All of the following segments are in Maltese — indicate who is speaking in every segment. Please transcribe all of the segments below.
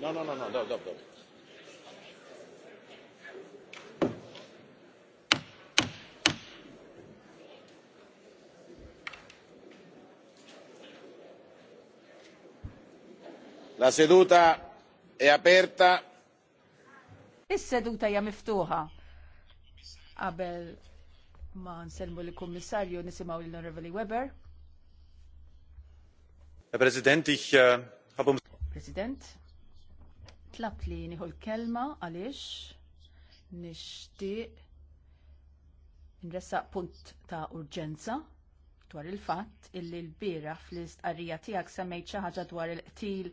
Speaker 1: No, no, no, no, no, no, no. La seduta è aperta. Is-seduta hija miftuħa. Qabel ma nsellmu lill-Kummissarju nisimgħu l-Onorevoli Weber. Äh, um President, tlab li nieħu l-kelma għaliex nixtieq nressaq punt ta' urġenza dwar il-fatt illi l-bira fl-istqarrija tiegħek semmejt xi ħaġa dwar il-qtil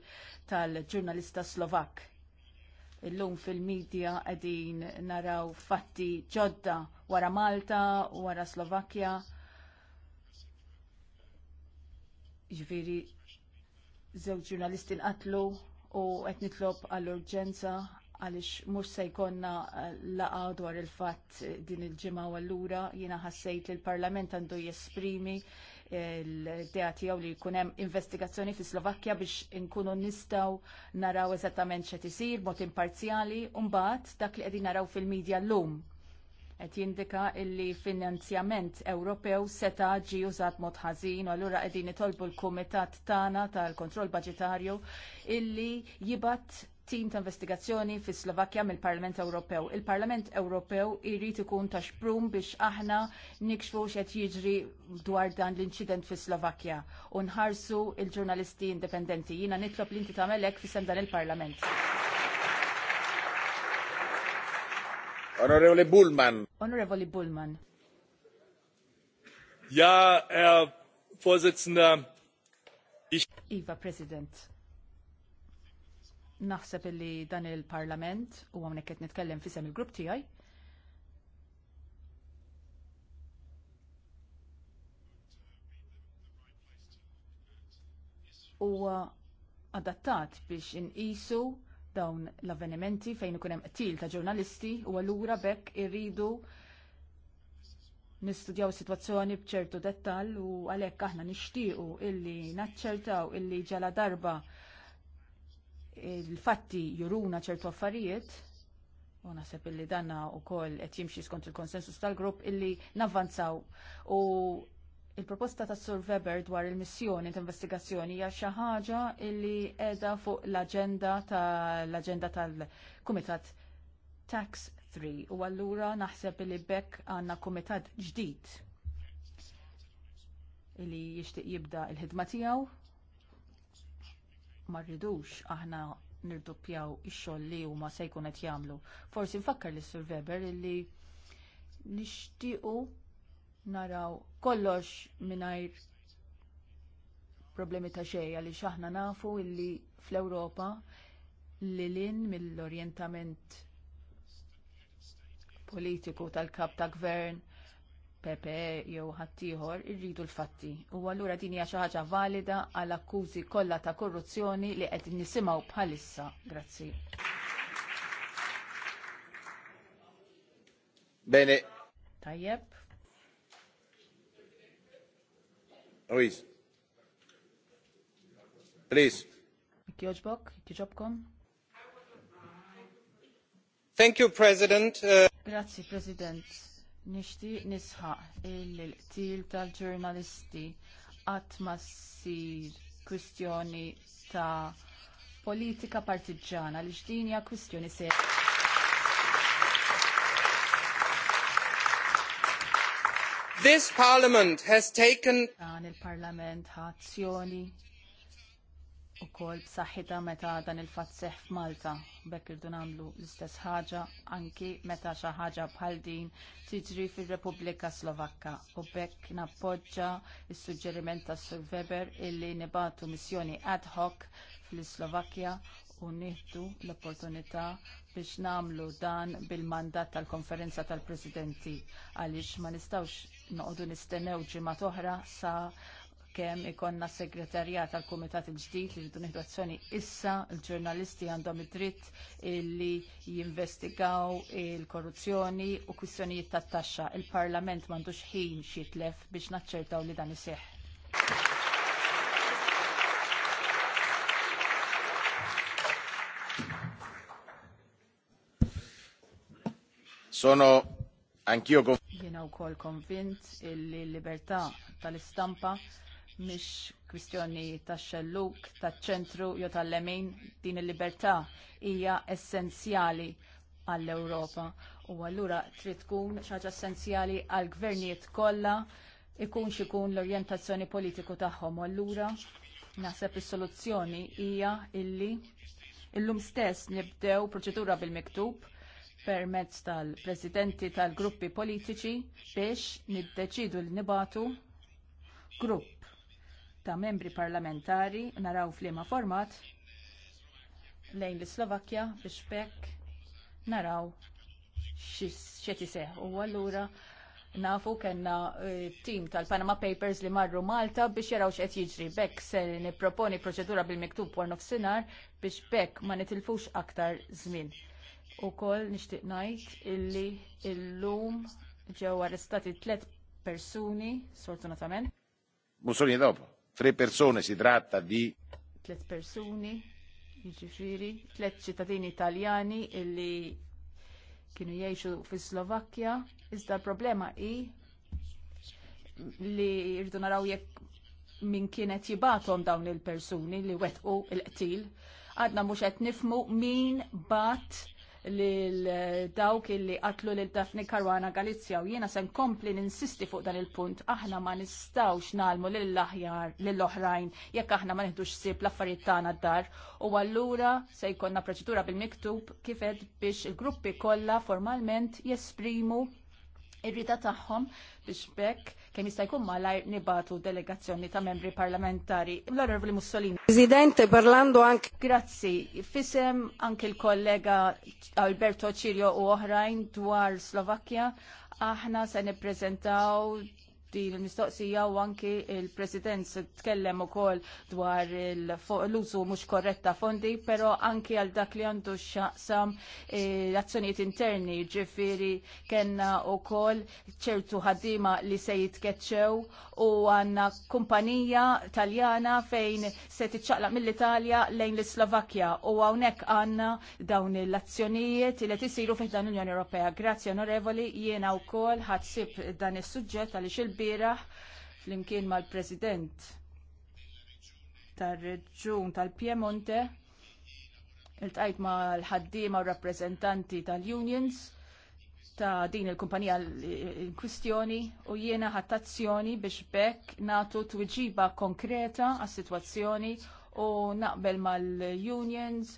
Speaker 1: tal-ġurnalista Slovak. Illum fil-medja qegħdin naraw fatti ġodda wara Malta, wara Slovakkja. Ġifieri żewġ ġurnalisti nqatlu u qed nitlob għall-urġenza għaliex mhux se jkollna eh, laqa dwar il-fatt din il-ġimgħa u allura jiena ħassejt li l-Parlament għandu jesprimi eh, l-idea tiegħu li jkun hemm investigazzjoni fi Slovakkja biex inkunu nistgħu naraw eżattament x'qed isir mod imparzjali u mbagħad dak li qegħdin naraw fil-medja llum qed jindika illi finanzjament Ewropew seta ġi użat mod ħażin u allura qegħdin itolbu l-kumitat tagħna tal-kontroll baġitarju illi jibat tim ta' investigazzjoni fis Slovakkja mill-Parlament Ewropew. Il-Parlament Ewropew irrid ikun ta' xprum biex aħna nikxfu x'qed jiġri dwar dan l-inċident fis Slovakkja u nħarsu il-ġurnalisti indipendenti. Jiena nitlob li inti tagħmel hekk fis dan il-Parlament. Onorevole Bullman. Onorevole Bullman. Ja, Herr Vorsitzender, ich... Iva, President. Naħseb li dan il-parlament, u għamnek qed nitkellem fisem il-grupp tiegħi, huwa adattat biex inqisu dawn l-avvenimenti fejn ikun hemm qtil ta' ġurnalisti u allura bekk irridu nistudjaw is-sitwazzjoni bċertu dettall u għalhekk aħna nixtiequ illi naċċertaw illi ġala darba il-fatti juruna ċertu affarijiet u naħseb illi danna wkoll qed jimxi skont il-konsensus tal-grupp illi navvanzaw u il-proposta ta' Sur Weber dwar il-missjoni ta' investigazzjoni hija xi ħaġa li qiegħda fuq l-aġenda tal-aġenda tal-Kumitat Tax 3 u allura naħseb li bekk għandna kumitat ġdid li jixtieq jibda l-ħidma tiegħu ma rridux aħna nirdoppjaw ix-xogħol li huma se jkun qed jagħmlu. Forsi nfakkar lis Sur Weber li nixtiequ naraw kollox mingħajr problemi ta' xejn għaliex aħna nafu illi fl-Ewropa li lin mill-orjentament politiku tal-kap ta' gvern Pepe jew ħaddieħor irridu l-fatti. U allura din hija xi ħaġa valida għal akkużi kollha ta' korruzzjoni li qed nisimgħu bħalissa. Grazzi. Bene. Tajjeb. Ruiz. Please. Kjoġbok, kjoġobkom. Thank you, President. Uh, Grazie, President. Nishti nisħaq il-til tal-ġurnalisti għatma massir kwistjoni ta' politika partiġana li ġdinja kwistjoni se. This Parliament has taken dan il-Parlament azzjoni u kol b'saħħitha meta dan il-fatseħ f'Malta bekk irdu nagħmlu l-istess ħaġa anki meta xi ħaġa bħal din tiġri fir-Repubblika Slovakka u bekk nappoġġa s-suġġeriment ta' Sur Weber illi nibatu missjoni ad hoc fl-Slovakkja u nieħdu l-opportunità biex nagħmlu dan bil-mandat tal-konferenza tal-presidenti għaliex ma nistgħux noqogħdu nistennew ġimgħa oħra sa kemm ikonna s segretarjat tal kumitat il-ġdid li rridu nieħdu azzjoni issa il-ġurnalisti għandhom id-dritt li jinvestigaw il-korruzzjoni u kwistjonijiet tat-taxxa. Il-Parlament m'għandux ħin xitlef biex naċċertaw li dan iseħħ. Sono Anch'io Jiena wkoll konvint illi l-libertà tal-istampa mhix kwistjoni tax xelluk, taċ ċentru jew tal-lemin din il-libertà hija essenzjali għall-Ewropa. U allura trid tkun xi ħaġa essenzjali għall gvernijiet kollha ikun xikun l-orjentazzjoni politiku tagħhom. U allura naħseb is-soluzzjoni hija illi illum stess nibdew proċedura bil-miktub permezz tal-presidenti tal-gruppi politiċi biex niddeċidu li nibatu grupp ta' membri parlamentari naraw f'liema format lejn l-Slovakkja biex bekk naraw x'qed iseħħ. U allura nafu kellna eh, tim tal-Panama Papers li marru Malta biex jaraw x'qed jiġri. Bekk se nipproponi proċedura bil-miktub war nofsinhar biex bekk ma nitilfux aktar żmien koll nixtieq ngħid illi illum ġew arrestati tliet persuni, sfortunatament. Mussolini dopo, tre persone si tratta di. Tliet persuni, jiġifieri, tliet ċittadini Italjani illi kienu jgħixu fis-Slovakkja, iżda l-problema hi li rridu naraw jekk min kienet jibatom dawn il-persuni li wetqu il-qtil, għadna mhux qed nifmu min bat lil eh, dawk illi qatlu lil Dafni Karwana Galizja u jiena se nkompli ninsisti fuq dan il-punt aħna ma nistawx nalmu lill aħjar lill oħrajn jekk aħna ma nieħdux sib l-affarijiet tagħna d-dar u allura se jkollna proċedura bil-miktub kifed biex il-gruppi kollha formalment jesprimu Irrita taħħom biex bekk kemm jista' jkun malajr nibatu delegazzjoni ta' membri parlamentari. L-Onorevoli Mussolini. Presidente, parlando anche. Grazzi. Fisem anke il kollega Alberto Cirio u oħrajn dwar Slovakkja aħna se nippreżentaw din il-mistoqsija u anki il-President se tkellem ukoll dwar l-użu mhux korretta fondi, però anki għal dak li għandu xaqsam eh, l-azzjonijiet interni, ġifiri kena kol ċertu ħaddima li se jitkeċċew u għanna kumpanija taljana fejn se tiċċaqlaq mill-Italja lejn l-Slovakkja u hawnhekk għandna dawn l-azzjonijiet li tisiru fih dan l-Unjoni Ewropea. Grazie onorevoli, jiena wkoll ħadsib dan is-suġġett għaliex il il-biraħ flimkien mal-President tar-Reġjun tal-Piemonte iltqajt mal-ħaddiema u rappreżentanti tal-unions ta' din il-kumpanija l-kwistjoni u jiena ħattazzjoni biex bekk natu tweġiba konkreta għas-sitwazzjoni u naqbel mal-unions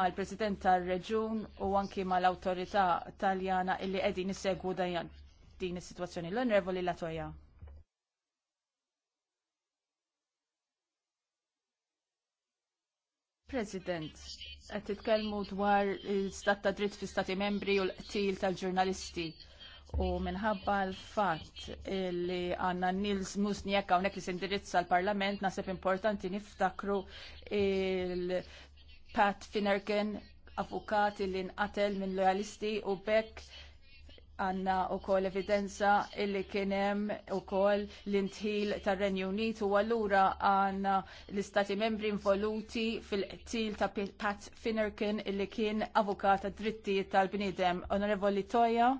Speaker 1: mal-President tar-Reġjun u anki mal-Awtorità Taljana illi qegħdin isegwu dan din is-sitwazzjoni. L-Onorevoli Latoja. President, qed titkellmu dwar l-istat ta' dritt fi stati membri u l-qtil tal-ġurnalisti. U minħabba l-fatt li għanna Nils Musniek hawnhekk li sindirizza l-Parlament nasib importanti niftakru il-Pat Finnerken, avukat li nqatel minn lojalisti u bekk għanna u kol evidenza illi kienem u kol l-intħil tar renju Unit u għallura għanna l-istati membri involuti fil tħil ta' Pat Finnerkin illi kien avukat ta' drittijiet tal-bnidem. Onorevoli Toja,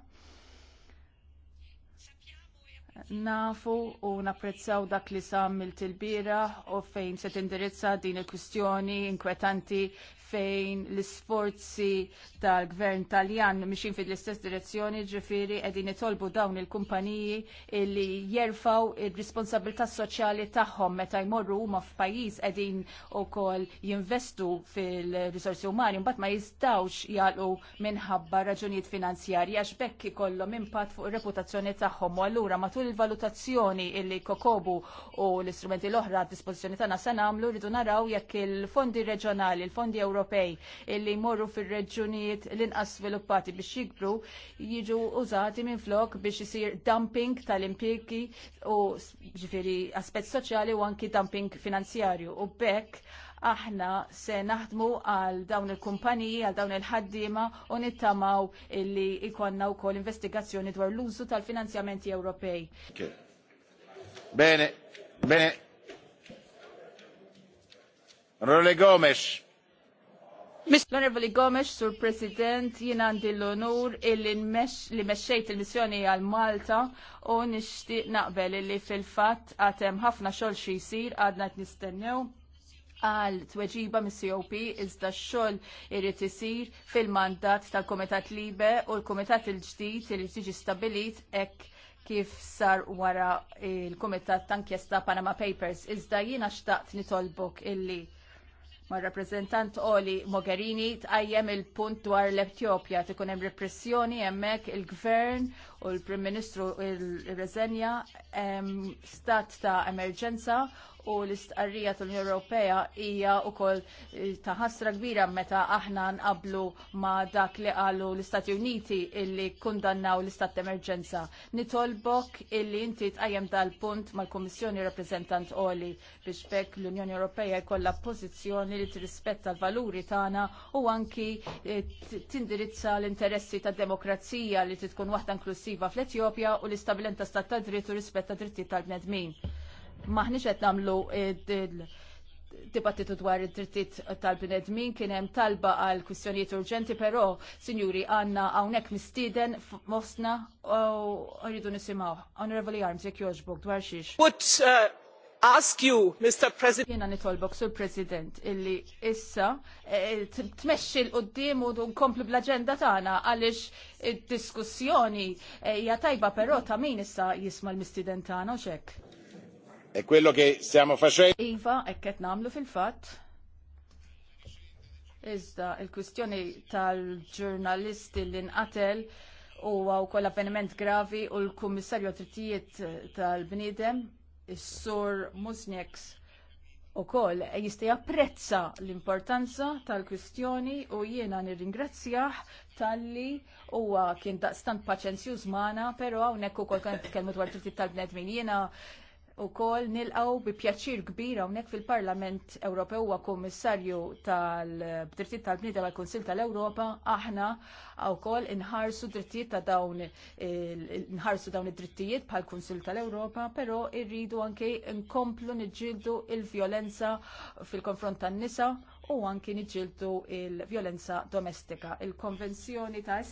Speaker 1: nafu u napprezzaw dak li sam il-tilbira u fejn se tindirizza din il-kwistjoni inkwetanti fejn l-sforzi tal-gvern taljan miexin fid l-istess direzzjoni ġifiri edin itolbu dawn il-kumpaniji illi jerfaw il responsabilta soċjali tagħhom meta jmorru huma f'pajjiż edin ukoll jinvestu fil-risorsi umani mbagħad ma jistawx jalqu minħabba raġunijiet finanzjarji għax bekk ikollhom impatt fuq ir-reputazzjoni tagħhom u allura matul il-valutazzjoni illi kokobu u l-istrumenti l-oħra a dispożizzjoni tagħna se nagħmlu rridu naraw jekk il-fondi reġjonali, il-fondi Ewropej Ewropej illi jmorru fir reġunijiet l-inqas sviluppati biex jikbru jiġu użati minn flok biex isir dumping tal-impjegi u ġifiri aspett soċjali u anki dumping finanzjarju u bekk aħna se naħdmu għal dawn il-kumpaniji, għal dawn il-ħaddima u nittamaw illi ikonna u kol investigazzjoni dwar l-użu tal-finanzjamenti Ewropej. Bene, bene. Role Gomes. L-Onorevoli Gomes, Sur President, jien għandi l-onur li meċċejt il-missjoni għal Malta u nixtieq naqbel li fil-fatt għatem ħafna xogħol xi jsir għadna qed nistennew għal tweġiba mis cop iżda x-xogħol irid isir fil-mandat tal-Kumitat Libe u l-Kumitat il-ġdid irid tiġi stabilit hekk kif sar wara il-Kumitat tankjesta Panama Papers. Iżda jiena xtaqt nitolbok illi ma' rappresentant Oli Mogherini tajjem il-punt dwar l-Etjopja ti kunem repressjoni hemmhekk il-Gvern u l-Prim Ministru il rezenja stat ta' emerġenza u l-istqarrija tal-Unjoni Ewropea hija wkoll eh, ta' ħasra kbira meta aħna nqablu ma' dak li qalu l-Istati Uniti illi kundannaw l-istat emerġenza. Nitolbok illi inti tqajjem dal-punt mal-Kummissjoni Rappreżentant Oli biex bekk l-Unjoni Ewropea jkollha pożizzjoni li tirrispetta l-valuri tagħna u anki eh, tindirizza l-interessi tad-demokrazija li titkun waħda inklusiva fl-Etjopja u l istabilenta stat ta' dritt u rispetta dritti tal-bnedmin maħniċ qed nagħmlu dibattitu dwar id-drittijiet tal-bnedmin kien hemm talba għal kwistjonijiet urġenti, però sinjuri għandna hawnhekk mistieden f'mostna u rridu nisimgħu. Honorable Arms, jekk jogħġbok dwar xiex. Would uh, ask you, Mr. President. Jiena nitolbok sur President illi issa eh, tmexxi l qudiem u nkomplu bl-aġenda tagħna għaliex id-diskussjoni eh, hija tajba però ta' min issa jisma' l-mistieden tagħna u xekk. È quello che stiamo facendo. Iva, e qed nagħmlu fil-fatt. Iżda, il-kwistjoni tal-ġurnalisti li nqatel huwa wkoll avveniment gravi u l-Kummissarju Trittijiet tal-Bniedem, is-Sur Musnieks, ukoll e jista' japprezza l-importanza tal-kwistjoni u jiena nirringrazzjah talli huwa kien daqstant paċenzjuż magħna, però hawnhekk ukoll kien tkellmu dwar trittijiet tal-bnedmin. Jiena kol nilqgħu bi pjaċir kbira hawnhekk fil-Parlament Ewropew huwa Kummissarju tal-Drittijiet tal-Bniedem għal-Konsil tal-Ewropa aħna kol inħarsu drittijiet ta' dawn inħarsu dawn id-drittijiet bħal kunsil tal-Ewropa, però rridu anke nkomplu niġġieldu il-vjolenza fil-konfront tan-nisa u anki niġġieldu il-vjolenza domestika. Il-Konvenzjoni ta'